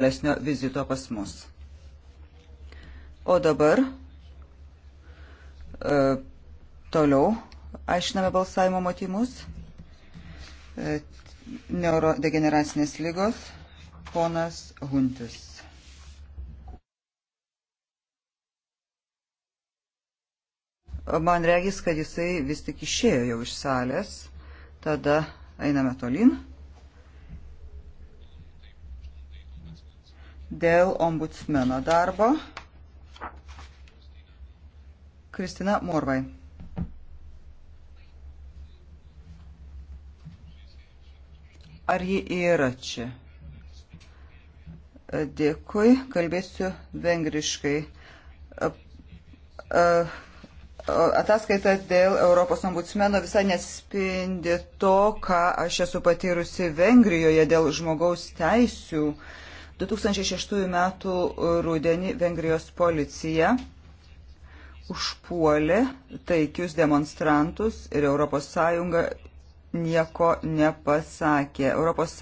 tolesnio vizito pas mus. O dabar e, toliau aišiname balsavimo motymus. E, neurodegeneracinės lygos ponas Huntis. Man regis, kad jisai vis tik išėjo jau iš salės. Tada einame tolin. dėl ombudsmeno darbo. Kristina Morvai. Ar ji yra čia? Dėkui, kalbėsiu vengriškai. Ataskaita dėl Europos ombudsmeno visai nespindi to, ką aš esu patyrusi Vengrijoje dėl žmogaus teisių uh, 2006 m. rudenį Vengrijos policija užpuolė taikius demonstrantus ir ES nieko nepasakė. ES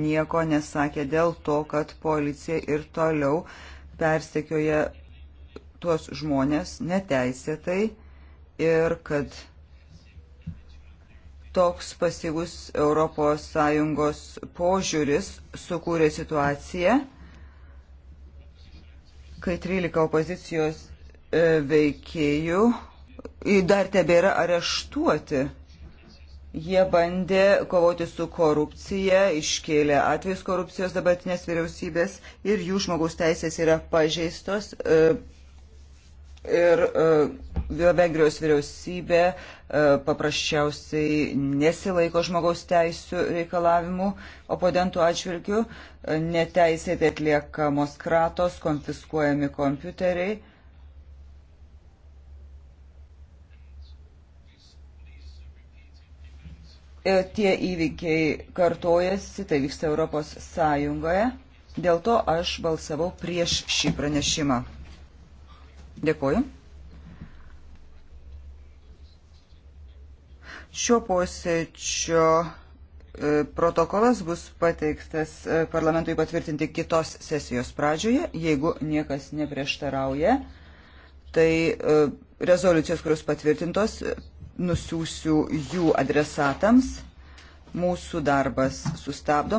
nieko nesakė dėl to, kad policija ir toliau persekioja tuos žmonės neteisėtai ir kad toks pasyvus ES požiūris sukūrė situaciją, kai 13 opozicijos e, veikėjų dar tebėra areštuoti. Jie bandė kovoti su korupcija, iškėlė atvejus korupcijos dabartinės vyriausybės ir jų žmogaus teisės yra pažeistos. E, ir e, Vengrijos vyriausybė e, paprasčiausiai nesilaiko žmogaus teisų reikalavimų oponentų atžvilgių, e, neteisėtai atliekamos kratos, konfiskuojami kompiuteriai. E, tie įvykiai kartojasi, tai vyksta Europos Sąjungoje. Dėl to aš balsavau prieš šį pranešimą. Dėkuoju. Šio posėdžio e, protokolas bus pateiktas e, parlamentui patvirtinti kitos sesijos pradžioje, jeigu niekas neprieštarauja. Tai e, rezoliucijos, kurios patvirtintos, nusiųsiu jų adresatams. Mūsų darbas sustabdom.